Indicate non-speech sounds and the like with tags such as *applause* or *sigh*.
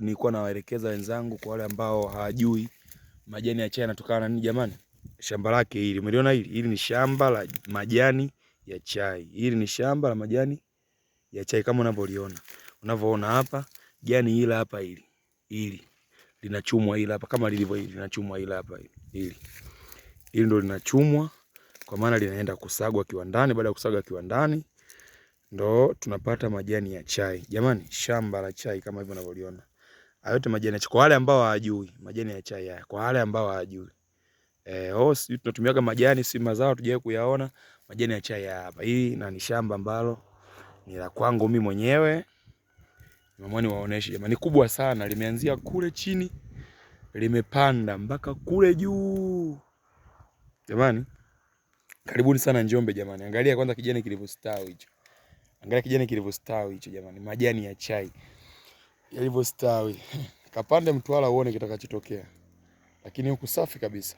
Nilikuwa nawaelekeza wenzangu kwa wale ambao hawajui majani ya chai yanatokana na nini jamani. Shamba lake hili, umeliona hili? Hili ni shamba la majani ya chai. Hili ni shamba la majani ya chai kama unavyoliona. Unavyoona hapa, jani hili hapa hili. Hili linachumwa hili hapa kama lilivyo hili linachumwa hili hapa hili. Hili. Hili ndio linachumwa kwa maana linaenda kusagwa kiwandani, baada ya kusagwa kiwandani ndo tunapata majani ya chai. Jamani, shamba la chai kama hivyo unavyoliona. Hayo yote majani ya chai kwa wale ambao hawajui majani ya chai haya. Kwa wale ambao hawajui. Eh, oh, sisi tunatumiaga majani si mazao tujaye kuyaona majani ya chai hapa. Hii na ni shamba ambalo ni la kwangu mimi mwenyewe. Mamani waoneshe jamani, kubwa sana, limeanzia kule chini limepanda mpaka kule juu. Jamani, karibuni sana Njombe jamani. Angalia kwanza kijani kilivyostawi hicho. Angalia kijani kilivyostawi hicho jamani, majani ya chai yalivyostawi. *laughs* Kapande mtwala uone kitakachotokea, lakini huku safi kabisa.